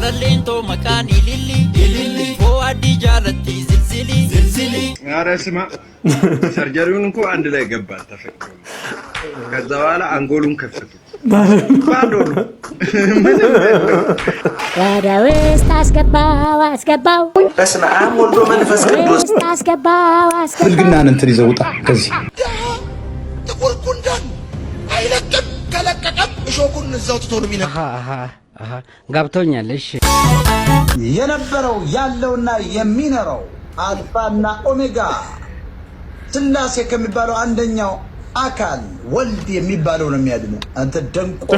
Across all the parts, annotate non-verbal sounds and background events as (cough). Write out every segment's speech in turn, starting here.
Shamarreen toomakaan ililli ililli fo'aaddi oh, jaalatti zilzili zilzili. ኧረ ስማ ሰርጀሪውን እኮ አንድ ላይ ገባል ተፈቅዶ ከዛ በኋላ አንጎሉን ከፍቱ ባዶ ነው። ወደ ውስጥ አስገባው አስገባው በስመ አብ ወልዶ መንፈስ ቅዱስ አስገባው አስገባው ብልግናን እንትን ይዘው ከዚህ ጥቁር ጉንዳን አይለቅም። ከለቀቀም እሾኩን እዛው ትቶ ነው የሚነካ ጋብቶኛል። እሺ የነበረው ያለውና የሚኖረው አልፋና ኦሜጋ ስላሴ ከሚባለው አንደኛው አካል ወልድ የሚባለው ነው የሚያድኑ። አንተ ደንቆ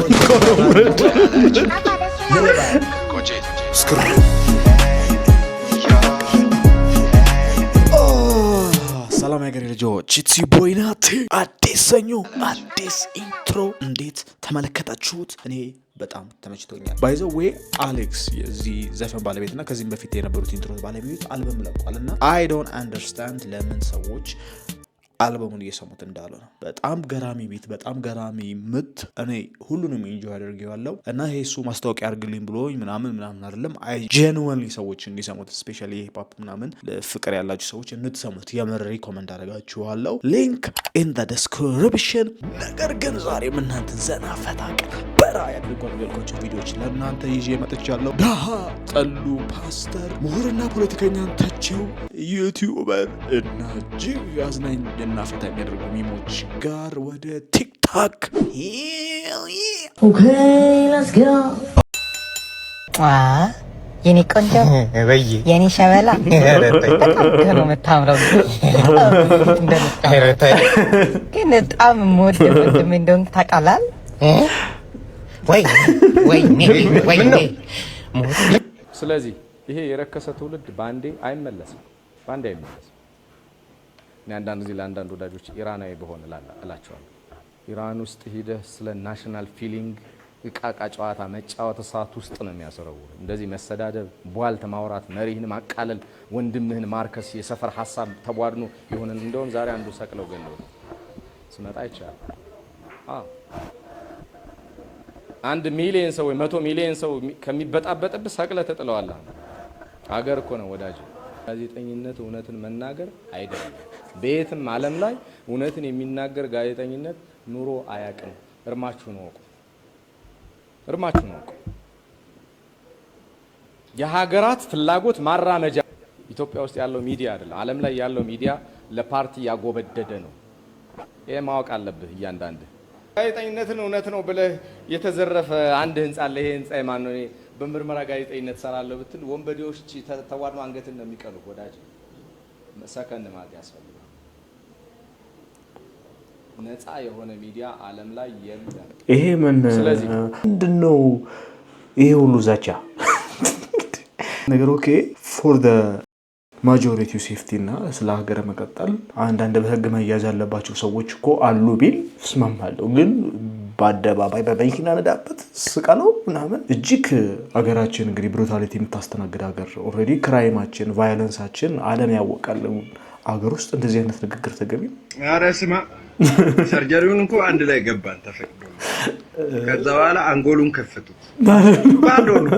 ሰላም ያገሬ ልጆች ኢትሲ ቦይ ናት። አዲስ ሰኞ አዲስ ኢንትሮ እንዴት ተመለከታችሁት? እኔ በጣም ተመችቶኛል። ባይዘ ወይ አሌክስ የዚህ ዘፈን ባለቤት እና ከዚህም በፊት የነበሩት ኢንትሮ ባለቤት አልበም ለቋል እና አይ ዶንት አንደርስታንድ ለምን ሰዎች አልበሙን እየሰሙት እንዳሉ ነው። በጣም ገራሚ ቤት፣ በጣም ገራሚ ምት። እኔ ሁሉንም ኢንጆ አድርጌዋለሁ እና ይሄ እሱ ማስታወቂያ አድርግልኝ ብሎኝ ምናምን ምናምን አይደለም። አይ ሰዎች እንዲሰሙት ስፔሻሊ ሂፓፕ ምናምን ፍቅር ያላችሁ ሰዎች እንድትሰሙት የምር ሪኮመንድ አደርጋችኋለሁ። ሊንክ ኢን ዘ ዲስክሪፕሽን። ነገር ግን ዛሬም እናንተን ዘና ፈታ በራ ያድርጓል ገልኳቸው ቪዲዮዎች ለእናንተ ይዤ መጥቻለሁ። ዳሀ ጠሉ ፓስተር፣ ምሁርና ፖለቲከኛን ተቸው ዩቲዩበር እና እጅግ አዝናኝ እና ፈታ የሚያደርጉ ሚሞች ጋር ወደ ቲክታክ የኔ ቆንጆ የኔ ሸበላ በጣም ነው የምታምረው። ግን በጣም ሞድ እንደሆን ስለዚህ ይሄ የረከሰ ትውልድ በአንዴ አይመለስም፣ በአንዴ አይመለስም። አንዳንድ ጊዜ ለአንዳንድ ወዳጆች ኢራናዊ በሆን እላቸዋለሁ። ኢራን ውስጥ ሂደህ ስለ ናሽናል ፊሊንግ እቃቃ ጨዋታ መጫወት እሳት ውስጥ ነው የሚያሰረው። እንደዚህ መሰዳደብ፣ ቧልት ማውራት፣ መሪህን ማቃለል፣ ወንድምህን ማርከስ፣ የሰፈር ሀሳብ ተቧድኖ የሆነን እንደውም ዛሬ አንዱ ሰቅለው ገለው ስመጣ ይቻላል። አንድ ሚሊየን ሰው ወይ መቶ ሚሊየን ሰው ከሚበጣበጥብ ሰቅለ ተጥለዋላ። ሀገር እኮ ነው ወዳጅ። ጋዜጠኝነት እውነትን መናገር አይደለም። በየትም ዓለም ላይ እውነትን የሚናገር ጋዜጠኝነት ኑሮ አያቅም። እርማችሁን ወቁ፣ እርማችሁን ወቁ። የሀገራት ፍላጎት ማራመጃ ኢትዮጵያ ውስጥ ያለው ሚዲያ አይደለም። ዓለም ላይ ያለው ሚዲያ ለፓርቲ ያጎበደደ ነው። ይህ ማወቅ አለብህ እያንዳንድ ጋዜጠኝነትን እውነት ነው ብለህ የተዘረፈ አንድ ህንፃ አለ። ይሄ ህንፃ የማን ነው? በምርመራ ጋዜጠኝነት ሰራለሁ ብትል ወንበዴዎች ተዋድማ አንገትን ነው የሚቀሉ። ወዳጅ ሰከን ማለት ያስፈልጋል። ነፃ የሆነ ሚዲያ ዓለም ላይ የለም። ይሄ ምን ምንድን ነው ይሄ ሁሉ ዛቻ ነገር? ኦኬ ፎር ማጆሪቲው ሴፍቲ እና ስለ ሀገር መቀጠል አንዳንድ በህግ መያዝ ያለባቸው ሰዎች እኮ አሉ ቢል እስማማለሁ። ግን በአደባባይ በመኪና ነዳበት ስቃ ነው ምናምን እጅግ ሀገራችን እንግዲህ ብሩታሊቲ የምታስተናግድ ሀገር ኦልሬዲ ክራይማችን፣ ያወቃል። አገር ውስጥ እንደዚህ አይነት ንግግር ተገቢ? አረ ስማ፣ ሰርጀሪውን እንኳ አንድ ላይ ገባን ተፈቅዶ፣ ከዛ በኋላ አንጎሉን ከፈቱት ባዶ ነው።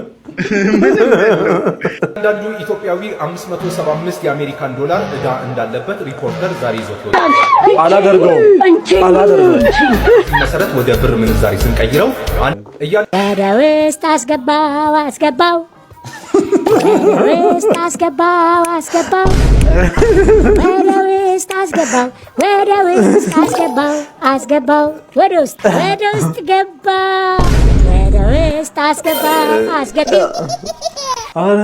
አንዳንዱ ኢትዮጵያዊ 575 የአሜሪካን ዶላር እዳ እንዳለበት ሪፖርተር ዛሬ ይዞት አላደርገውም አላደርገውም መሰረት ወደ ብር ምንዛሬ ስንቀይረው ወደ ውስጥ አስገባው አስገባው ውስጥ አስገባው አስገባው ወደ ውስጥ አስገባው ወደ ውስጥ አስገባው አስገባው ወደ ውስጥ ወደ ውስጥ ገባ ወደ ውስጥ አስገባው አስገባው።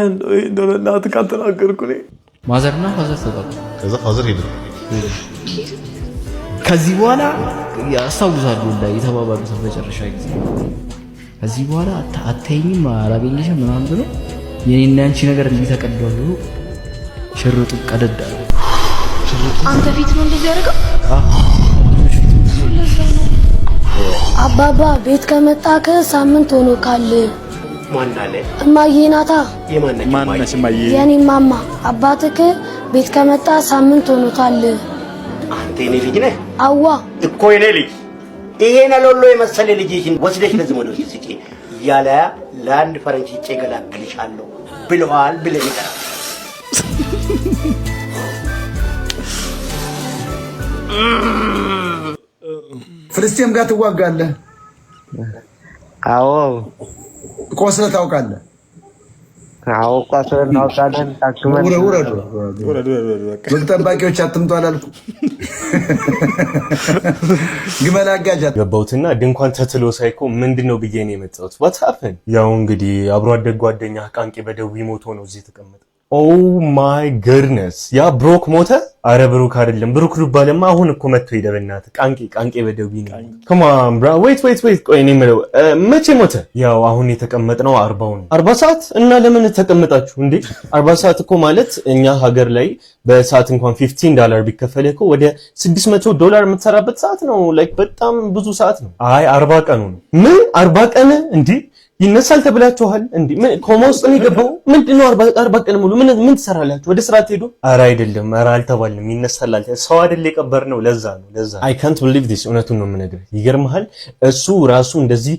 እንደው ካልተናገርኩ እኔ ማዘርና ፋዘር ተጣጡ። ከዛ ፋዘር ሄደ። ከዚህ በኋላ ያስታውሳሉ ላይ የተባባሉት መጨረሻ ጊዜ ከዚህ በኋላ አታይኝም አላገኘሽም ምናምን ብሎ የኔና ያንቺ ነገር እንዲተቀደሉ ሽሩጥ ሽርጡ ቀደድ አለ። አንተ ፊት ነው እንደዚህ ያደርገው። አባባ ቤት ከመጣ ከሳምንት ሆኖ ካለ እማዬ ናታ የኔ ማማ አባትክ ቤት ከመጣ ሳምንት ሆኖታል። አንተ የኔ ልጅ ነህ? አዋ እኮ የኔ ልጅ ይሄን አለሎ የመሰለ ልጅሽን ወስደሽ ለዚህ ለዘመዶች ስጪ እያለ ለአንድ ፈረንጅ ጭ ገላግልሻለሁ ብለዋል ብለ ይጠራል። ፍልስጤም ጋር ትዋጋለህ። አዎ ቆስለህ ታውቃለህ። አውቋ ስለናወጣለን ታክመን ውረዱ። ጠባቂዎች አትምጡ ግመል ገባሁትና ድንኳን ተትሎ ሳይኮ ምንድን ነው ብዬ ነው የመጣሁት። ዋትሳፕን ያው እንግዲህ አብሮ አደግ ጓደኛ ቃንቄ በደዊ ሞቶ ነው እዚህ የተቀመጠ ኦ ማይ ገድነስ ያ ብሮክ ሞተ። አረ ብሩክ አይደለም ብሩክ ዱባለማ አሁን እኮ መጥቶ ሄደ። በእናትህ ቃንቄ ቃንቄ በደዊ ነው። ከማን ብራ ወይት ወይት ወይት ቆይ እኔ የምለው መቼ ሞተ? ያው አሁን የተቀመጥነው አርባውን አርባ ሰዓት እና ለምን ተቀመጣችሁ እንዴ? አርባ ሰዓት እኮ ማለት እኛ ሀገር ላይ በሰዓት እንኳን ፊፍቲን ዶላር ቢከፈልህ እኮ ወደ ስድስት መቶ ዶላር የምትሰራበት ሰዓት ነው። ላይክ በጣም ብዙ ሰዓት ነው። አይ አርባ ቀኑ ነው። ምን አርባ ቀን እንዴ ይነሳል ተብላችኋል። እንዲ ምን ኮማ ውስጥ ነው የገባው? ነው አርባ ቀን ሙሉ ምን ምን ትሰራላችሁ? ወደ ስራ ትሄዱ? ኧረ አይደለም፣ ኧረ አልተባልንም። ይነሳላል ሰው አይደል ነው። ለዛ ነው ለዛ አይ ካንት ቢሊቭ ዲስ። እውነቱን ነው የምነግርህ። ይገርምሃል፣ እሱ ራሱ እንደዚህ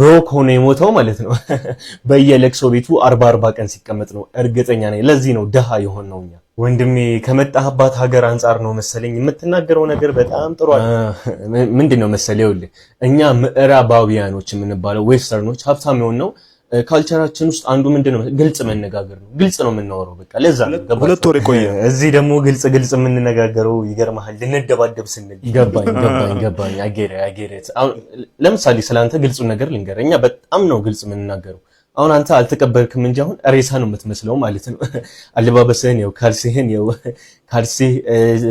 ብሮክ ሆኖ የሞተው ማለት ነው። (laughs) በየለቅሶ ቤቱ አርባ አርባ ቀን ሲቀመጥ ነው። እርግጠኛ ነኝ። ለዚህ ነው ድሃ የሆነው እኛ ወንድሜ ከመጣህባት ሀገር አንጻር ነው መሰለኝ የምትናገረው ነገር በጣም ጥሩ። ምንድን ነው መሰለኝ ይኸውልህ እኛ ምዕራባውያኖች የምንባለው ዌስተርኖች ሀብታም የሆን ነው ካልቸራችን ውስጥ አንዱ ምንድነው ግልጽ መነጋገር ነው። ግልጽ ነው የምናወራው፣ በቃ ለዛ ሁለት ወር ቆየ እዚህ ደግሞ ግልጽ ግልጽ የምንነጋገረው ይገርምሃል፣ ልንደባደብ ስንል ይገባኝ ይገባኝ ይገባኝ። አጌሬ አጌሬ፣ ለምሳሌ ስለ ግልጹ ነገር ልንገር። እኛ በጣም ነው ግልጽ የምንናገረው አሁን አንተ አልተቀበልክም እንጂ አሁን ሬሳ ነው የምትመስለው ማለት ነው። (laughs) አለባበስህን ያው ካልሲህን ያው (laughs) ካልሲ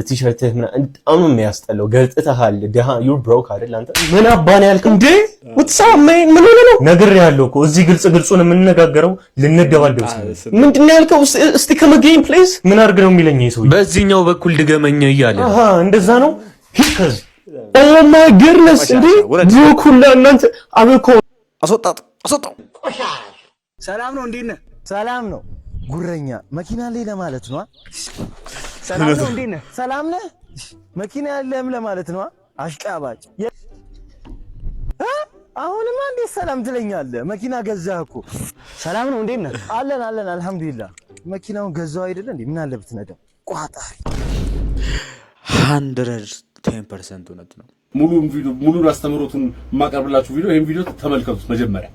ቲሸርትህ ምናምን አሁን የሚያስጠላው ገልጥተሃል። ደሃ ዩ ብሮክ አይደል አንተ ምን አባን ያልከው እንዴ? ወትሳ ምን ሆነ ነው ነገር ያለው እኮ እዚህ ግልጽ ግልጹን የምንነጋገረው ልንደባደብ ስለ ምንድን ነው ያልከው? እስቲ ከመገኝ ፕሌስ ምን አድርግ ነው የሚለኝ ይሄ በዚህኛው በኩል ድገመኛ እያለ አሃ እንደዛ ነው ሂከዝ ኦ ማይ ገርነስ እንዴ ብሮክ እናንተ አብኮ አስወጣት አስወጣው ሰላም ነው፣ እንዴት ነህ? ሰላም ነው። ጉረኛ መኪና ላይ ለማለት ነው። ሰላም ነው፣ እንዴት ነህ? ሰላም ነህ? መኪና ያለህም ለማለት ነው። አሽቃባጭ አሁንማ እንዴት ሰላም ትለኛለህ? መኪና ገዛህ እኮ። ሰላም ነው እንዴት ነህ? አለን አለን፣ አልሐምዱሊላህ። መኪናውን ገዛው አይደለ እንዴ? ምን አለ ነደው ቋጣሪ። ሀንድረድ ቴን ፐርሰንት እውነት ነው። ሙሉን አስተምሮቱን የማቀርብላችሁ ቪዲዮ ይህን ቪዲዮ ተመልከቱት መጀመሪያ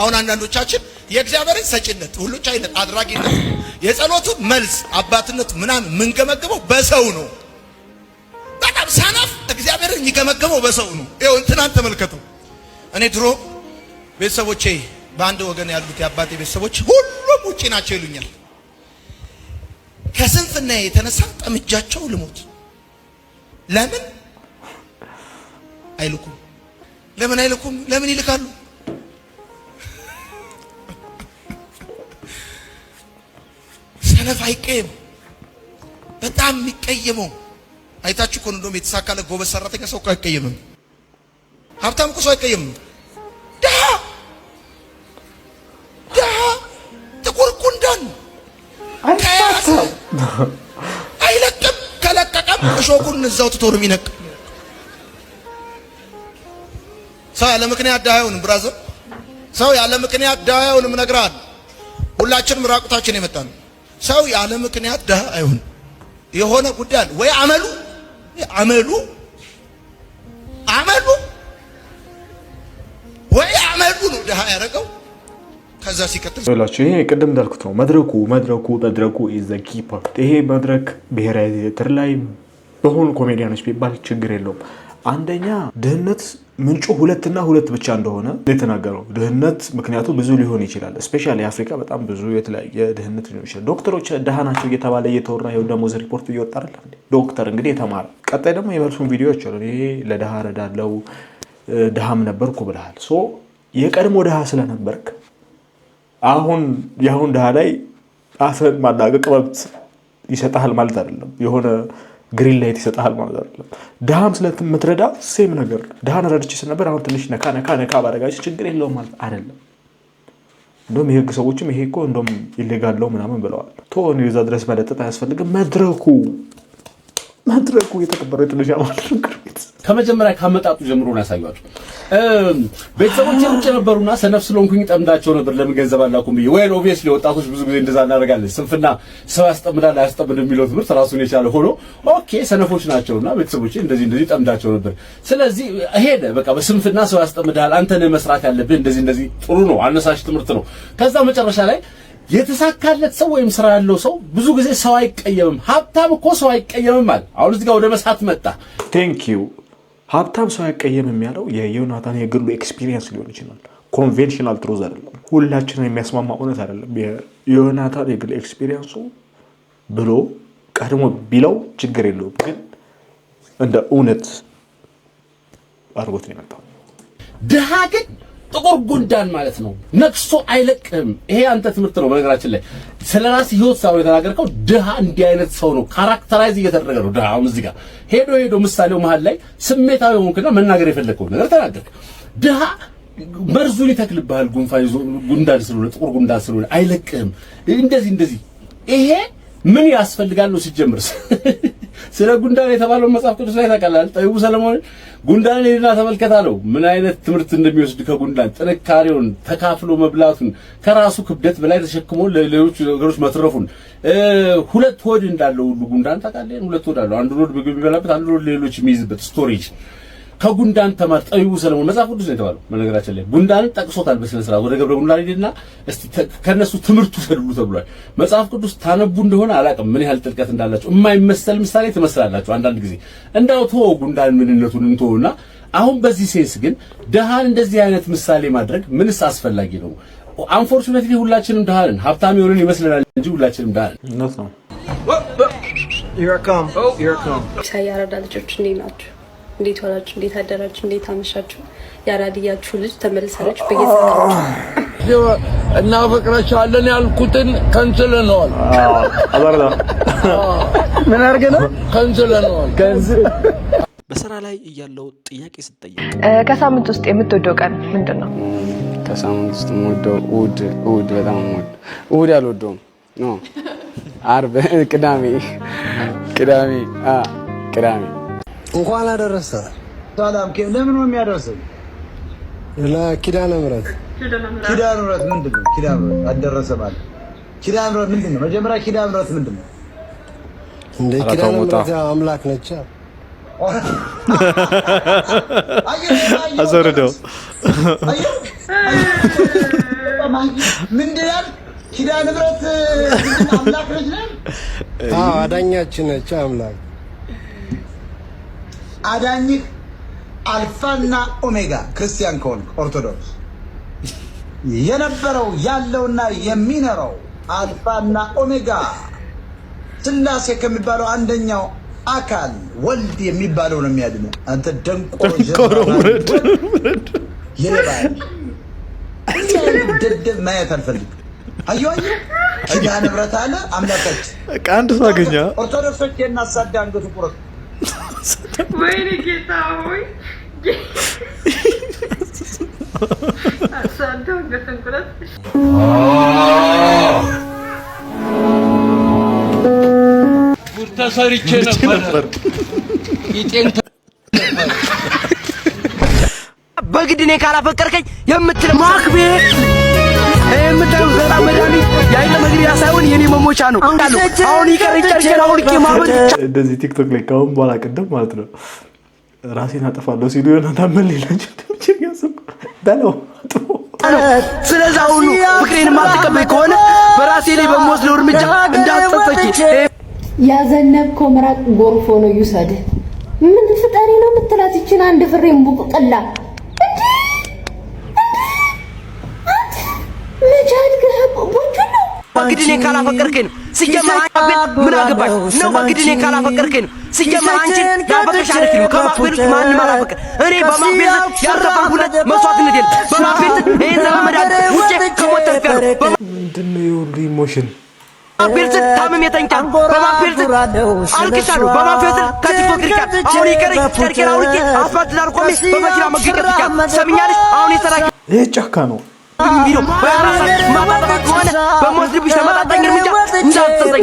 አሁን አንዳንዶቻችን የእግዚአብሔርን ሰጭነት ሁሉቻ አይነት አድራጊነት የጸሎቱ መልስ አባትነት ምናምን የምንገመግመው በሰው ነው። በጣም ሳናፍ እግዚአብሔርን የሚገመገመው በሰው ነው። ይኸው እንትናን ተመልከተው። እኔ ድሮ ቤተሰቦቼ በአንድ ወገን ያሉት የአባቴ ቤተሰቦች ሁሉም ውጪ ናቸው ይሉኛል። ከስንፍና የተነሳ ጠምጃቸው ልሞት። ለምን አይልኩም? ለምን አይልኩም? ለምን ይልካሉ? ሰነፍ አይቀየም። በጣም የሚቀየመው አይታችሁ እኮ እንደውም የተሳካለ ጎበዝ ሰራተኛ ሰው እኮ አይቀየምም። ሀብታም እኮ ሰው አይቀየምም። ድሃ ድሃ ጥቁር ጉንዳን ከያዘ አይለቅም፣ ከለቀቀም እሾኩን እዛው ትቶ ነው የሚነቅ። ሰው ያለ ምክንያት ድሃ አይሆንም። ብራዘር ሰው ያለ ምክንያት ድሃ አይሆንም። እነግርሃለሁ። ሁላችንም ራቁታችን የመጣ ነው። ሰው ያለ ምክንያት ደሃ አይሆን። የሆነ ጉዳይ ወይ አመሉ አመሉ አመሉ ወይ አመሉ ነው ደሃ ያደረገው። ከዛ ሲቀጥል ላቸው ይሄ ቅድም እንዳልኩት ነው መድረኩ መድረኩ መድረኩ ኢዘ ኪ ፓርት። ይሄ መድረክ ብሔራዊ ቴአትር ላይ በሆኑ ኮሜዲያኖች ቢባል ችግር የለውም። አንደኛ ድህነት ምንጩ ሁለትና ሁለት ብቻ እንደሆነ የተናገረው ድህነት ምክንያቱ ብዙ ሊሆን ይችላል። ስፔሻሊ አፍሪካ በጣም ብዙ የተለያየ ድህነት ሊሆን ይችላል። ዶክተሮች ድሃ ናቸው እየተባለ እየተወራ ይኸው ደሞዝ ሪፖርት እየወጣ አይደል? ዶክተር እንግዲህ የተማረ ቀጣይ ደግሞ የመልሱን ቪዲዮዎች አሉ። ይሄ ለድሃ ረዳለው ድሃም ነበርኩ ብለሃል። ሶ የቀድሞ ድሃ ስለነበርክ አሁን የአሁን ድሃ ላይ አፍህን ማላቀቅ መብት ይሰጥሃል ማለት አይደለም የሆነ ግሪን ላይት ይሰጣል ማለት አይደለም። ድሃም ስለምትረዳ ሴም ነገር ድሃን ረድቼ ስለነበር አሁን ትንሽ ነካ ነካ ነካ ባደረጋች ችግር የለውም ማለት አይደለም። እንደውም የህግ ሰዎችም ይሄ እኮ እንደውም ይሌጋለው ምናምን ብለዋል። ቶን የዛ ድረስ መለጠጥ አያስፈልግም። መድረኩ መድረኩ የተከበረው የጥበሻ ማድረግ ቤት ከመጀመሪያ ካመጣጡ ጀምሮ ነው ያሳዩአቸው። ቤተሰቦች ውጭ ነበሩና ሰነፍ ስለሆንኩኝ ጠምዳቸው ነበር። ለምን ገንዘብ አላኩም ብዬ ወይ ኦብቪየስሊ ወጣቶች ብዙ ጊዜ እንደዛ እናደርጋለን። ስንፍና ሰው ያስጠምዳል አያስጠምድ የሚለው ትምህርት ራሱን የቻለ ሆኖ ኦኬ ሰነፎች ናቸውና ቤተሰቦች እንደዚህ እንደዚህ ጠምዳቸው ነበር። ስለዚህ ሄደ በቃ በስንፍና ሰው ያስጠምዳል፣ አንተ ነህ መስራት ያለብህ እንደዚህ እንደዚህ ጥሩ ነው አነሳሽ ትምህርት ነው። ከዛ መጨረሻ ላይ የተሳካለት ሰው ወይም ስራ ያለው ሰው ብዙ ጊዜ ሰው አይቀየምም። ሀብታም እኮ ሰው አይቀየምም አለ። አሁን እዚህ ጋር ወደ መሳት መጣ። ቴንክ ዩ። ሀብታም ሰው አይቀየምም ያለው የዮናታን የግሉ ኤክስፒሪየንስ ሊሆን ይችላል። ኮንቬንሽናል ትሩዝ አይደለም፣ ሁላችንም የሚያስማማ እውነት አይደለም። የዮናታን የግል ኤክስፒሪየንሱ ብሎ ቀድሞ ቢለው ችግር የለውም፣ ግን እንደ እውነት አድርጎት ነው የመጣው። ድሃ ግን ጥቁር ጉንዳን ማለት ነው። ነክሶ አይለቅም። ይሄ አንተ ትምህርት ነው። በነገራችን ላይ ስለ ራስ ህይወት ሳይሆን የተናገርከው ድሃ እንዲህ አይነት ሰው ነው። ካራክተራይዝ እየተደረገ ነው ድሃ። አሁን እዚህ ጋር ሄዶ ሄዶ ምሳሌው መሀል ላይ ስሜታዊ ሆንክና መናገር የፈለግከው ነገር ተናገርክ። ድሃ መርዙን ይተክልብሃል። ጉንፋን ይዞ ጉንዳን ስለሆነ ጥቁር ጉንዳን ስለሆነ አይለቅም። እንደዚህ እንደዚህ ይሄ ምን ያስፈልጋል ነው ሲጀምርስ ስለ ጉንዳን የተባለው መጽሐፍ ቅዱስ ላይ ታውቃለህ። ጠቢቡ ሰለሞን ጉንዳን ሄድና ተመልከት አለው። ምን አይነት ትምህርት እንደሚወስድ ከጉንዳን ጥንካሬውን ተካፍሎ መብላቱን ከራሱ ክብደት በላይ ተሸክሞ ለሌሎች ነገሮች መትረፉን ሁለት ሆድ እንዳለው ሁሉ ጉንዳን ታውቃለህ። ሁለት ሆድ አለው። አንዱን ሆድ ምግብ የሚበላበት፣ አንዱን ሆድ ሌሎች የሚይዝበት ስቶሬጅ ከጉንዳን ተማር ጠቢቡ ሰለሞን መጽሐፍ ቅዱስ ነው የተባለው። በነገራችን ላይ ጉንዳንን ጠቅሶታል በስነ ስርዓት ወደ ገብረ ጉንዳን ሄድና እስቲ ከነሱ ትምህርቱ ሰድሉ ተብሏል። መጽሐፍ ቅዱስ ታነቡ እንደሆነ አላቅም ምን ያህል ጥልቀት እንዳላችሁ። የማይመሰል ምሳሌ ትመስላላችሁ አንዳንድ ጊዜ። እንዳው ተወው ጉንዳን ምንነቱን እንተውና አሁን በዚህ ሴንስ ግን ደሃን እንደዚህ አይነት ምሳሌ ማድረግ ምንስ አስፈላጊ ነው? አንፎርቹኔትሊ ሁላችንም ደሃን ሀብታም የሆንን ይመስለናል እንጂ ሁላችንም ደሃንን ነው። ሳያረዳ ልጆች እንዴት ናቸው? እንዴት ሆናችሁ? እንዴት አደራችሁ? እንዴት አመሻችሁ? የአራድያችሁ ልጅ ተመልሳለች። በጌታችሁ እናፈቅራችኋለን ያልኩትን ከንስለነዋል። ምን አርገ ነው? ከንስለነዋል። በስራ ላይ እያለው ጥያቄ ስጠየቅ ከሳምንት ውስጥ የምትወደው ቀን ምንድን ነው? ከሳምንት ውስጥ የምወደው እሑድ፣ እሑድ በጣም ወድ እሑድ አልወደውም። አርብ፣ ቅዳሜ፣ ቅዳሜ፣ ቅዳሜ እንኳን አደረሰ። ሰላም ለምን ነው የሚያደርሰው? ለኪዳነ ምሕረት ኪዳነ ምሕረት ምንድን ነው? ኪዳነ ምሕረት አደረሰ ማለት ኪዳነ ምሕረት ምንድን ነው? መጀመሪያ ኪዳነ ምሕረት ምንድን ነው? እንደ ኪዳነ ምሕረት አምላክ ነች። አዘርደው ምንድን ነው? ኪዳነ ምሕረት አምላክ ነች። አዎ አዳኛችን ነች አምላክ አዳኝህ አልፋና ኦሜጋ ክርስቲያን ከሆንክ ኦርቶዶክስ የነበረው ያለውና የሚኖረው አልፋና ኦሜጋ ስላሴ ከሚባለው አንደኛው አካል ወልድ የሚባለው ነው የሚያድነው። አንተ ደንቆሮ ውረድ። ይለባል ደደብ ማየት አልፈልግም። አየሁ አየሁ ኪዳነ ምህረት አለ አምላካችን። አንድ ሰው አገኘ። ኦርቶዶክሶች የናሳዳ አንገቱ ቁረጥ ወይኔ ጌታ ሆይ ተሰርቼ ነበር። በግድ እኔ ካላፈቀርከኝ የምትል ማክቤ የምታዩት በጣም መድኃኒት የአይነ መግቢያ ሳይሆን የኔ መሞቻ ነው። አሁን ይቀርጫችን አሁን ቄማበት እንደዚህ ቲክቶክ ላይ ካሁን በኋላ ቅድም ማለት ነው ራሴን አጠፋለሁ ሲሉ የሆነ ታመን ሌላቸው በለው ስለዚህ አሁኑ ፍቅሬን ማትቀበይ ከሆነ በራሴ ላይ በምወስደው እርምጃ እንዳትጸጸቂ። ያዘነብከው ምራቅ ጎርፎ ነው ይውሰድ። ምን ፍጠሪ ነው የምትላት ይችን አንድ ፍሬም ቡቅቅላ በግድኔ ካላፈቀርከኝ ሲጀመር ምን አገባሽ ነው? በግድኔ ካላፈቀርከኝ ሲጀመር አንቺ ያፈቀሽ አይደለም። ከማክቤል ውስጥ ማንም አላፈቀ። እኔ በማክቤል ያረፋሁለት መስዋዕትነት የለም። በማክቤል ይህን ዘላመዳድ ውጭ ከሞት ተርፌያለሁ። ምንድን ነው የሁሉ ኢሞሽን? በማክቤል ታምሜ ተኝቻለሁ። በማክቤል አልቅሻለሁ። በማክቤል ከቲክቶክ ርቄያለሁ። አሁን ይቀረኝ ጨርቄን አውልቄ አስፋልት ዳር ቆሜ በመኪና መገጨት ይቻላል። ሰምኛለሽ? አሁን የሰራሽ ይህ ጫካ ነው ቢሮ ማጣጣት ከሆነ በምወስድብሽ ተመጣጣኝ እርምጃ እንዳትሰጠኝ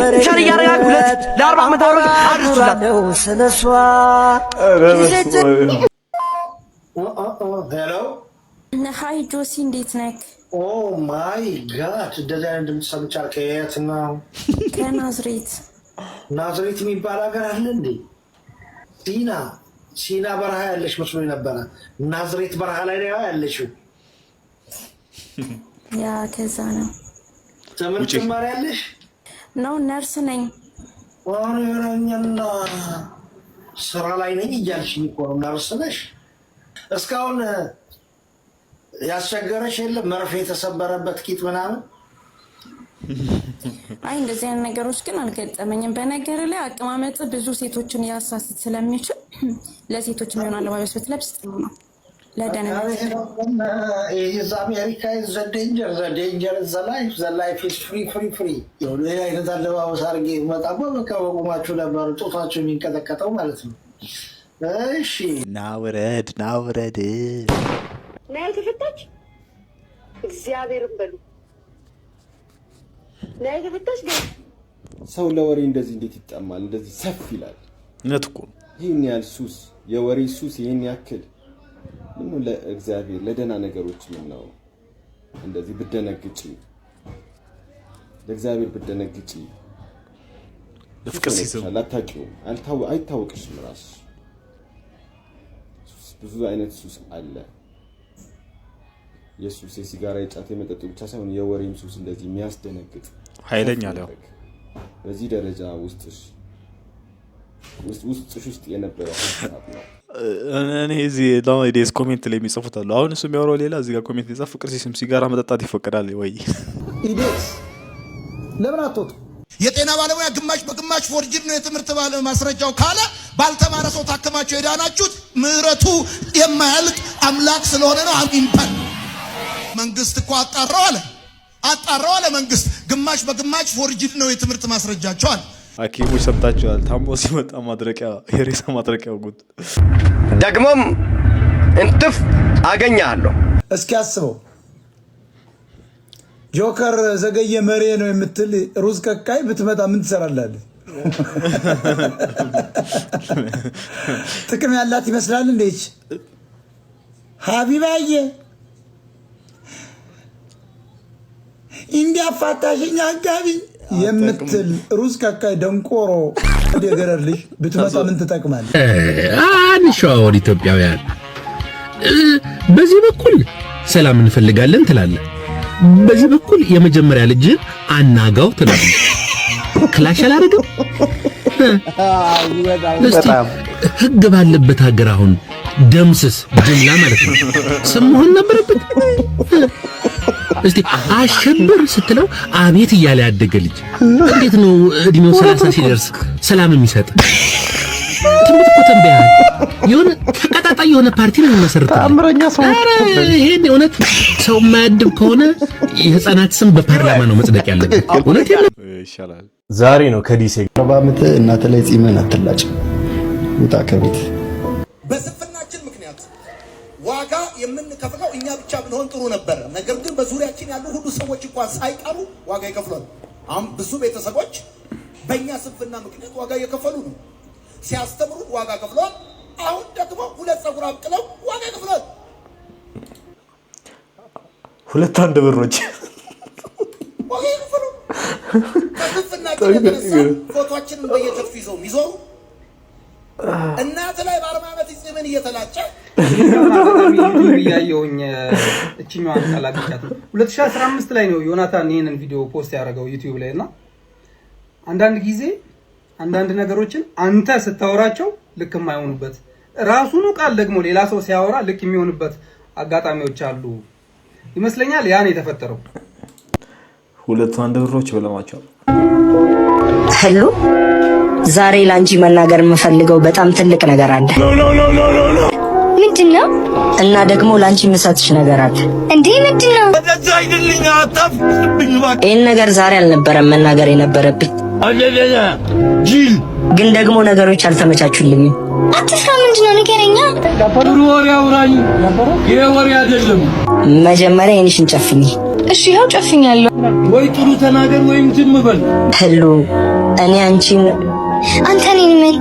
ሀይ ጆሲ፣ እንዴት ነህ? ኦ ማይ ጋድ እንደዚህ አይነት ድምፅ ሰምቻለሁ። ከየት ነው? ከናዝሬት። ናዝሬት የሚባል ሀገር አለ እንዴ? ሲና ሲና በረሃ ያለች መስሎኝ ነበረ። ናዝሬት በረሃ ላይ ነው ያለችው። ያ ከዛ ነው ትምህርት ትማሪያለሽ? ነው ነርስ ነኝ። ኦሮኛና ስራ ላይ ነኝ እያልሽ እኮ ነው። ነርስ ነሽ? እስካሁን ያስቸገረሽ የለም? መርፌ የተሰበረበት ኪት ምናምን? አይ እንደዚህ አይነት ነገሮች ግን አልገጠመኝም። በነገር ላይ አቀማመጥ ብዙ ሴቶችን ያሳስት ስለሚችል ለሴቶች የሚሆን አለባበስ ብትለብስ ጥሩ ነው። አሜሪካ ፍሪ አለባበስ አድርጌ መጣ በቃ በቁማችሁ ነበር ጡታችሁ የሚንቀጠቀጠው ማለት ነው። እሺ ናውረድ ናውረድ ና ያልተፈታች እግዚአብሔርን በሉ ና ያልተፈታች ሰው ለወሬ እንደዚህ እንዴት ይጠማል? እንደዚህ ሰፍ ይላል። እውነት እኮ ይህን ያህል ሱስ የወሬ ሱስ ይህን ያክል ምነው ለእግዚአብሔር ለደህና ነገሮች ምነው እንደዚህ ብደነግጪ፣ ለእግዚአብሔር ብደነግጪ። ፍቅር ሲዘል አታውቂውም፣ አይታወቅሽም። ራስሽ ብዙ አይነት ሱስ አለ። የሱስ የሲጋራ የጫት የመጠጥ ብቻ ሳይሆን የወሬም ሱስ እንደዚህ የሚያስደነግጥ ኃይለኛ ለው በዚህ ደረጃ ውስጥሽ ውስጥ ውስጥ የነበረው ሀሳብ ነው። እኔ እዚህ ኮሜንት ላይ የሚጽፉት አሉ። አሁን እሱ የሚያወራው ሌላ፣ እዚህ ጋር ኮሜንት ሲጋራ መጠጣት ይፈቀዳል ወይ? ኢዴስ ለምን አትወጡ? የጤና ባለሙያ ግማሽ በግማሽ ፎርጅድ ነው የትምህርት ባለ ማስረጃው ካለ ባልተማረ ሰው ታክማቸው የዳናችሁት ምሕረቱ የማያልቅ አምላክ ስለሆነ ነው። አሚን መንግስት እኮ አጣራው አለ አጣራው አለ መንግስት ግማሽ በግማሽ ፎርጅድ ነው የትምህርት ማስረጃቸው አለ ሐኪሞች ሰምታችኋል። ታሞ ሲመጣ ማድረቂያ የሬሳ ማድረቂያ ጉድ ደግሞም እንትፍ አገኛለሁ። እስኪ አስበው ጆከር ዘገየ መሬ ነው የምትል ሩዝ ቀቃይ ብትመጣ ምን ትሰራላለ? ጥቅም ያላት ይመስላል። እንዴች ሀቢባዬ እንዲያፋታሽኝ አጋቢኝ የምትል ሩዝ ከካይ ደንቆሮ ወደ ገረልሽ ብትመጣ ምን ትጠቅማል? ኢትዮጵያውያን በዚህ በኩል ሰላም እንፈልጋለን ትላለ፣ በዚህ በኩል የመጀመሪያ ልጅን አናጋው ትላለ። ክላሽ አላደርግም እስቲ ህግ ባለበት ሀገር አሁን ደምስስ ጅምላ ማለት ነው ስም መሆን ነበረበት። እስቲ አሸብር ስትለው አቤት እያለ ያደገ ልጅ እንዴት ነው እድሜው ሰላሳ ሲደርስ ሰላም የሚሰጥ? ትምህርት እኮ ተንበያል የሆነ ተቀጣጣይ የሆነ ፓርቲ ነው የሚመሰርተው። አምረኛ ሰው ይሄን እውነት ሰው የማያድብ ከሆነ የህፃናት ስም በፓርላማ ነው መጽደቅ ያለበት። እውነት ይሻላል። ዛሬ ነው ከዲሴ አርባ ዓመት እናት ላይ ጺምን አትላጭ ውጣ ከቤት ዋጋ የምንከፍለው እኛ ብቻ ብንሆን ጥሩ ነበር ነገር ግን በዙሪያችን ያሉ ሁሉ ሰዎች እንኳን ሳይቀሩ ዋጋ ይከፍሏል። አሁን ብዙ ቤተሰቦች በእኛ ስንፍና ምክንያት ዋጋ እየከፈሉ ነው። ሲያስተምሩ ዋጋ ከፍሏል። አሁን ደግሞ ሁለት ፀጉር አብቅለው ዋጋ ይከፍሏል። ሁለት አንድ ብሮች ዋጋ ይከፍሉ ከስንፍናችን (laughs) የተነሳ ፎቶችንን ይዘው የሚዞሩ እናት ላይ በአርባ ዓመት ምን እየተላጨ እያየውኝ እችኛዋን ቃላቅቻት ነው። 2015 ላይ ነው ዮናታን ይህንን ቪዲዮ ፖስት ያደረገው ዩቲዩብ ላይ እና አንዳንድ ጊዜ አንዳንድ ነገሮችን አንተ ስታወራቸው ልክ የማይሆኑበት ራሱኑ ቃል ደግሞ ሌላ ሰው ሲያወራ ልክ የሚሆንበት አጋጣሚዎች አሉ ይመስለኛል። ያን የተፈጠረው ሁለቱ አንድ ብሮች በለማቸው ዛሬ ላንቺ መናገር የምፈልገው በጣም ትልቅ ነገር አለ። ምንድን ነው? እና ደግሞ ላንቺ የምሰጥሽ ነገር አለ። እንዴ? ምንድን ነው? ይህን ነገር ዛሬ አልነበረም መናገር የነበረብኝ፣ ግን ደግሞ ነገሮች አልተመቻቹልኝም። አትስራ። ምንድን ነው? ንገረኛ። ወሬ አውራኝ። ይሄ ወሬ አይደለም። መጀመሪያ ይህንሽን ጨፍኝ። እሺ፣ ያው ጨፍኛለሁ። ወይ ጥሩ ተናገር ወይም ዝም በል። ህሉ እኔ አንቺን አንተ ነኝ ምን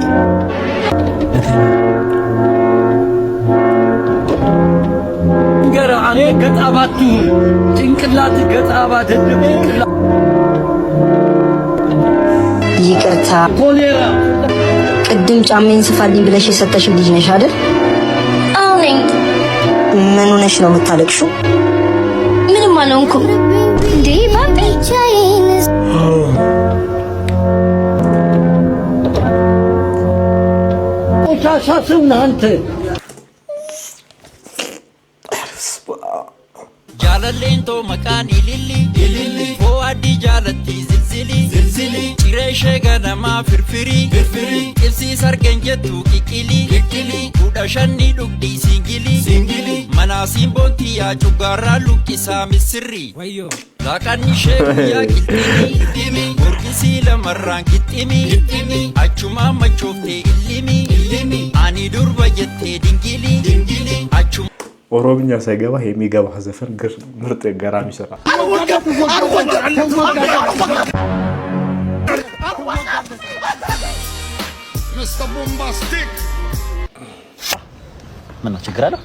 ገራ አኔ ገጣባቱ ጭንቅላት ገጣባ ደድም ይቅርታ፣ ቅድም ጫሜን ስፋልኝ ብለሽ የሰጠሽ ልጅ ነሽ አይደል? አለኝ። ምን ሆነሽ ነው የምታለቅሽው? ምንም አልሆንኩም። እንዴ ባንቺ ቆሻሻ ሰው ነህ አንተ። ጃለሌንቶ መቃን ኢሊሊ ኢሊሊ ፎአዲ ጃለቲ ዝልዝሊ ዝልዝሊ ጭረሸ ገነማ ፍርፍሪ ፍርፍሪ ጥብሲ ሰርገን ጀቱ ቂቂሊ ቂቂሊ ቁዳሸኒ ዱግዲ ሲንጊሊ ሲንጊሊ መናሲን ቦንቲያ ጩጋራ ሉቂሳ ምስሪ ወዮ ላቃኒሼ ጉያ ቂጢሚ ቂጢሚ ወርጊሲ ለመራን ቂጢሚ ቂጢሚ Achuma machooftee illimi illimi ani durba jettee dingili dingili achuma ኦሮምኛ ሳይገባ የሚገባ ዘፈን ምርጥ ገራሚ ስራ። ምነው ችግር አለው?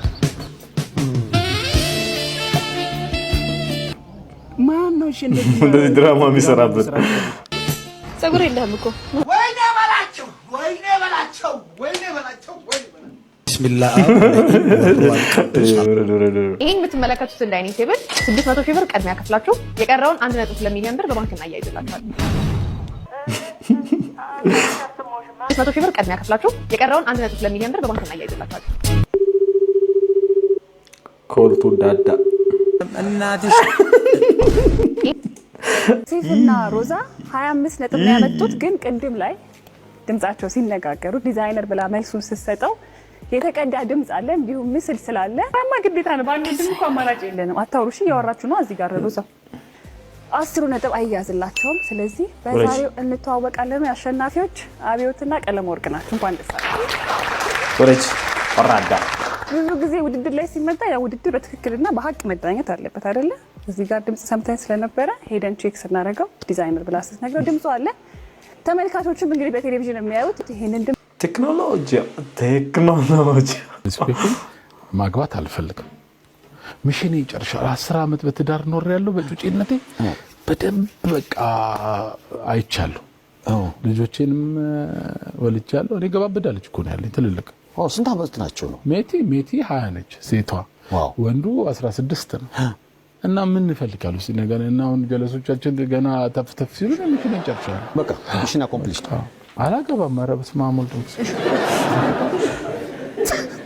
እንደዚህ ድራማ የሚሰራበት ጸጉር የለህም እኮ በላቸው ወይኔ በላቸው ወይኔ በላቸው ወይኔ በላቸው ይህን የምትመለከቱት ዳይኒንግ ቴብል 600 ሺህ ብር ቀድሚያ ከፍላችሁ የቀረውን አንድ ነጥብ ለሚሊዮን ብር በባንክ እናያይዝላችኋል። 600 ሺህ ብር ቀድሚያ ከፍላችሁ የቀረውን አንድ ነጥብ ለሚሊዮን ብር በባንክ እናያይዝላችኋል። ኮልቱ ዳዳ እናትሽ ሴፍና ሮዛ 25 ነጥብ ያመጡት፣ ግን ቅድም ላይ ድምጻቸው ሲነጋገሩ ዲዛይነር ብላ መልሱን ስትሰጠው የተቀዳ ድምፅ አለ እንዲሁም ምስል ስላለ ማማ ግዴታ ነው። በአንድ ድም እኮ አማራጭ የለንም። አታውሩሽ እያወራችሁ ነው። እዚህ ጋር ሰው አስሩ ነጥብ አያያዝላቸውም። ስለዚህ በዛሬው እንተዋወቃለን። አሸናፊዎች አብዮትና ቀለም ወርቅ ናቸው። እንኳን ደስ ራዳ ብዙ ጊዜ ውድድር ላይ ሲመጣ ያ ውድድር በትክክልና በሀቅ መዳኘት አለበት አይደለ? እዚህ ጋር ድምፅ ሰምተን ስለነበረ ሄደን ቼክ ስናደርገው ዲዛይነር ብላ ስትነግረው ድምፁ አለ ተመልካቾችም እንግዲህ በቴሌቪዥን የሚያዩት ይህንን ቴክኖሎጂ ቴክኖሎጂ ማግባት አልፈልግም። ምሽኔ ይጨርሻል። አስር ዓመት በትዳር ኖር ያለው በጩጭነቴ በደንብ በቃ አይቻለሁ። ልጆቼንም ወልጃለሁ። እኔ ገባበዳ ልጅ እኮ ነው ያለኝ ትልልቅ። ስንት ዓመት ናቸው ነው? ሜቲ ሜቲ ሀያ ነች ሴቷ፣ ወንዱ 16 ነው። እና ምን እንፈልጋለሁ እስቲ ነገር እና አሁን ጀለሶቻችን ገና ተፍተፍ ሲሉ ነው ምክን እንጨርሻለን። በቃ እሺና አኮምፕሊሽ አላገባም። ኧረ በስመ አብ ወልድ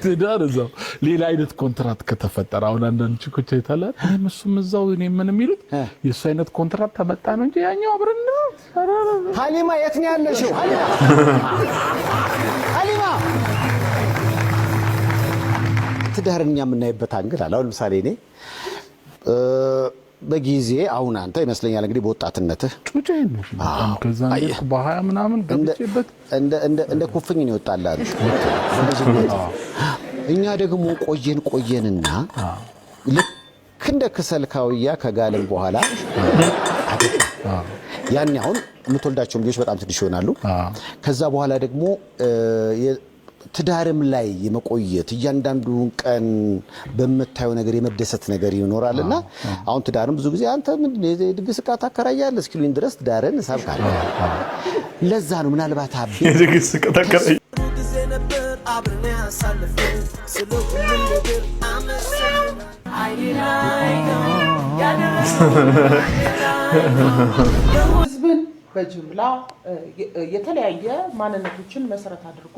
ትዳር እዛው ሌላ አይነት ኮንትራት ከተፈጠረ አሁን አንዳንድ ችኮች አይታላል። እሱም እዛው እኔ ምን የሚሉት የእሱ አይነት ኮንትራት ተመጣ ነው እንጂ ያኛው አብረን ነው። ሀሊማ የት ነው ያለሽው? ሀሊማ ትዳርን እኛ የምናይበት አንግል አለ። አሁን ለምሳሌ እኔ በጊዜ አሁን አንተ ይመስለኛል እንግዲህ በወጣትነትህ ነው ከዛ በሀያ ምናምን ገብቼበት እንደ ኩፍኝ ነው ይወጣላል። እኛ ደግሞ ቆየን ቆየንና ልክ እንደ ክሰል ካውያ ከጋልን በኋላ ያኔ አሁን የምትወልዳቸው ልጆች በጣም ትንሽ ይሆናሉ። ከዛ በኋላ ደግሞ ትዳርም ላይ የመቆየት እያንዳንዱን ቀን በምታየው ነገር የመደሰት ነገር ይኖራል እና አሁን ትዳርም ብዙ ጊዜ አንተ የድግስ ዕቃ ታከራያለህ እስኪሉኝ ድረስ ትዳርን እሳብካለ። ለዛ ነው ምናልባት ድግስ ታከራይ ህዝብን በጅምላ የተለያየ ማንነቶችን መሰረት አድርጎ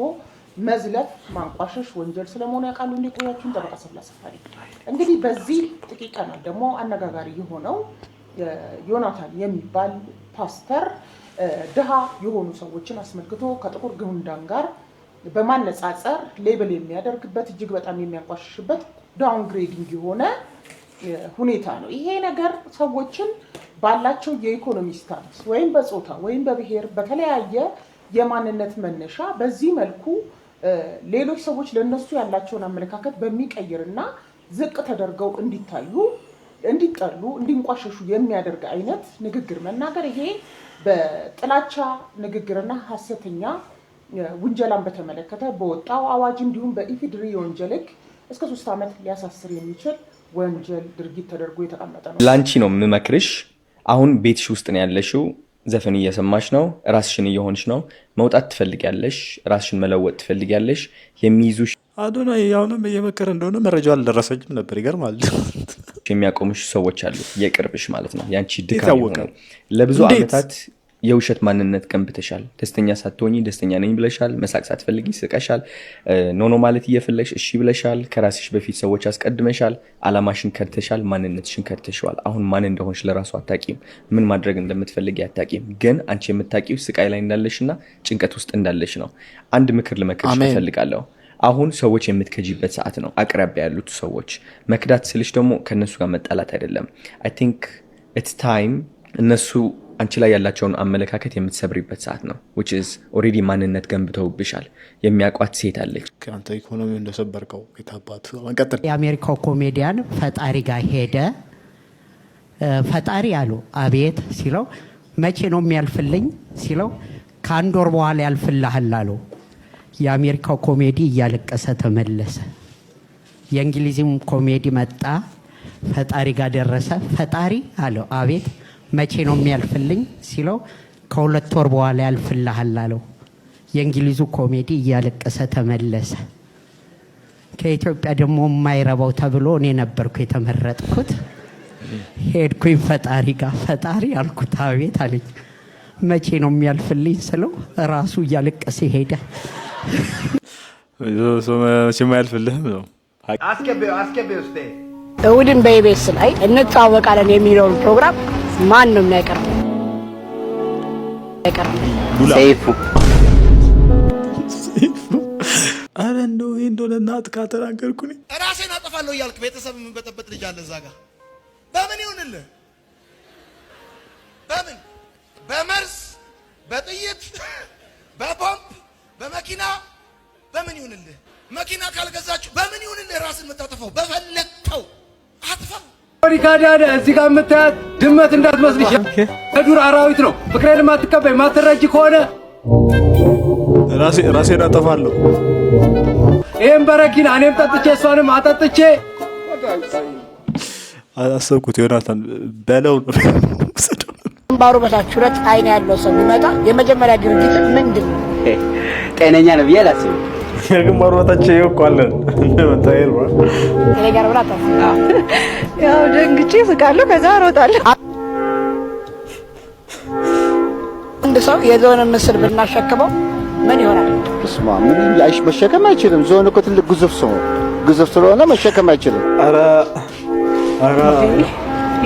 መዝለፍ፣ ማንቋሸሽ ወንጀል ስለመሆኑ ያውቃሉ። እንዴት ቆያችሁን? ጠበቃ ሰብለ አሰፋሪ። እንግዲህ በዚህ ጥቂት ቀናት ደግሞ አነጋጋሪ የሆነው ዮናታን የሚባል ፓስተር ድሃ የሆኑ ሰዎችን አስመልክቶ ከጥቁር ግሁንዳን ጋር በማነጻጸር ሌብል የሚያደርግበት እጅግ በጣም የሚያንቋሽሽበት ዳውንግሬዲንግ የሆነ ሁኔታ ነው። ይሄ ነገር ሰዎችን ባላቸው የኢኮኖሚ ስታትስ ወይም በጾታ ወይም በብሔር በተለያየ የማንነት መነሻ በዚህ መልኩ ሌሎች ሰዎች ለእነሱ ያላቸውን አመለካከት በሚቀይርና ዝቅ ተደርገው እንዲታዩ፣ እንዲጠሉ፣ እንዲንቋሸሹ የሚያደርግ አይነት ንግግር መናገር ይሄ በጥላቻ ንግግርና ሀሰተኛ ውንጀላን በተመለከተ በወጣው አዋጅ እንዲሁም በኢፌዴሪ የወንጀል እስከ ሶስት ዓመት ሊያሳስር የሚችል ወንጀል ድርጊት ተደርጎ የተቀመጠ ነው። ላንቺ ነው የምመክርሽ። አሁን ቤትሽ ውስጥ ነው ያለሽው። ዘፈን እየሰማሽ ነው፣ ራስሽን እየሆንሽ ነው፣ መውጣት ትፈልጊያለሽ፣ ራስሽን መለወጥ ትፈልጊያለሽ። የሚይዙሽ አዶና አሁንም እየመከረ እንደሆነ መረጃ አልደረሰኝም ነበር። ይገርማል። የሚያቆሙሽ ሰዎች አሉ፣ የቅርብሽ ማለት ነው። ያንቺ ድካ ለብዙ ዓመታት የውሸት ማንነት ገንብተሻል። ደስተኛ ሳትሆኝ ደስተኛ ነኝ ብለሻል። መሳቅ ሳትፈልግ ይስቀሻል ኖኖ ማለት እየፈለግሽ እሺ ብለሻል። ከራስሽ በፊት ሰዎች አስቀድመሻል። አላማሽን ከድተሻል። ማንነትሽን ከድተሻል። አሁን ማን እንደሆንሽ ለራሱ አታቂም። ምን ማድረግ እንደምትፈልግ አታቂም። ግን አንቺ የምታቂው ስቃይ ላይ እንዳለሽና ጭንቀት ውስጥ እንዳለሽ ነው። አንድ ምክር ልመክርሽ እፈልጋለሁ። አሁን ሰዎች የምትከጂበት ሰዓት ነው። አቅራቢያ ያሉት ሰዎች መክዳት ስልሽ ደግሞ ከእነሱ ጋር መጣላት አይደለም። አይ ቲንክ ኢትስ ታይም እነሱ አንቺ ላይ ያላቸውን አመለካከት የምትሰብሪበት ሰዓት ነው። ዊች ኢዝ ማንነት ገንብተውብሻል። የሚያውቋት ሴት አለች። ከአንተ ኢኮኖሚ እንደሰበርከው የታባት ቀጥል። የአሜሪካው ኮሜዲያን ፈጣሪ ጋር ሄደ። ፈጣሪ አሉ አቤት ሲለው መቼ ነው የሚያልፍልኝ ሲለው ከአንድ ወር በኋላ ያልፍልሃል አሉ። የአሜሪካው ኮሜዲ እያለቀሰ ተመለሰ። የእንግሊዝም ኮሜዲ መጣ። ፈጣሪ ጋር ደረሰ። ፈጣሪ አለው አቤት መቼ ነው የሚያልፍልኝ ሲለው ከሁለት ወር በኋላ ያልፍልሃል አለው። የእንግሊዙ ኮሜዲ እያለቀሰ ተመለሰ። ከኢትዮጵያ ደግሞ የማይረባው ተብሎ እኔ ነበርኩ የተመረጥኩት። ሄድኩኝ ፈጣሪ ጋር። ፈጣሪ አልኩት፣ አቤት አለኝ። መቼ ነው የሚያልፍልኝ ስለው ራሱ እያለቀሰ ሄደ። መቼም አያልፍልህም ነው። እሑድን በኢቢኤስ ላይ እንተዋወቃለን የሚለውን ፕሮግራም ማን ነው የሚያቀርብ? ሰይፉ አረ እንደው ይሄ እንደሆነ እናት ካተናገርኩኝ ራሴን አጠፋለሁ እያልክ ቤተሰብ የምንበጠበጥ ልጅ አለ እዛ ጋ በምን ይሁንልህ? በምን በመርዝ በጥይት በቦምብ በመኪና በምን ይሁንልህ? መኪና ካልገዛችሁ በምን ይሁንልህ? ራስን የምታጠፋው በፈለግከው አጥፋ። ሪካዳ እዚህ ጋር የምታያት ድመት እንዳትመስልሽ፣ ከዱር አራዊት ነው። ፍቅሬን ማትቀበይ ማትረጅ ከሆነ ራሴን አጠፋለሁ። ይህም በረኪና እኔም ጠጥቼ እሷንም አጠጥቼ አሰብኩት። ዮናታን በለው ነው ባሩ በታች ሁለት አይን ያለው ሰው ቢመጣ የመጀመሪያ ድርጊት ምንድን ነው? ጤነኛ ነው ብዬ ላስብ የግንባሩ በታች ይወቋለን እንደምታየው ያው ደንግጬ ስቃለሁ፣ ከዛ እሮጣለሁ። አንድ ሰው የዞን ምስል ብናሸክመው ምን ይሆናል? ስማ ምን መሸከም አይችልም። ዞን እኮ ትልቅ ግዙፍ ሰው ግዙፍ ስለሆነ መሸከም አይችልም። ኧረ ኧረ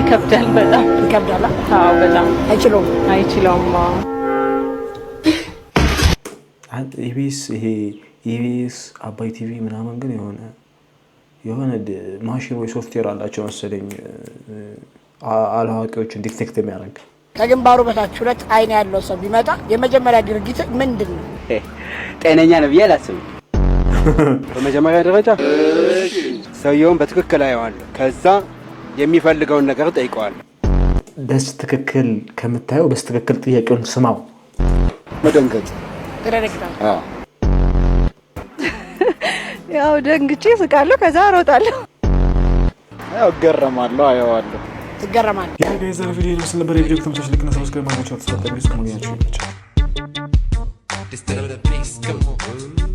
ይከብዳል፣ በጣም ይከብዳል። አዎ በጣም አይችለውም፣ አይችለውም። ኢቢኤስ ይሄ ኢቢኤስ አባይ ቲቪ ምናምን ግን የሆነ የሆነ ማሽን ወይ ሶፍትዌር አላቸው መሰለኝ አላዋቂዎችን ዲቴክት የሚያደርግ ከግንባሩ በታች ሁለት አይን ያለው ሰው ቢመጣ የመጀመሪያ ድርጊት ምንድን ነው? ጤነኛ ነው ብዬ አላስብም። (laughs) በመጀመሪያ ደረጃ ሰውየውን በትክክል አየዋለሁ። ከዛ የሚፈልገውን ነገር ጠይቀዋለሁ። ትክክል ከምታየው ትክክል ጥያቄውን ስማው። መደንገጥ ያው ደንግቼ ስቃለሁ፣ ከዛ እሮጣለሁ። ያው እገረማለሁ፣ አየዋለሁ፣ ትገረማለህ። የዛሬ ቪዲዮ ይመስል ነበር። የቪዲዮ ተመሳሽ ልክ ና ሰብስክራይብ ማድረጋችሁ አልተሳጠ ሚስ ከመገኛችሁ ይመቻል።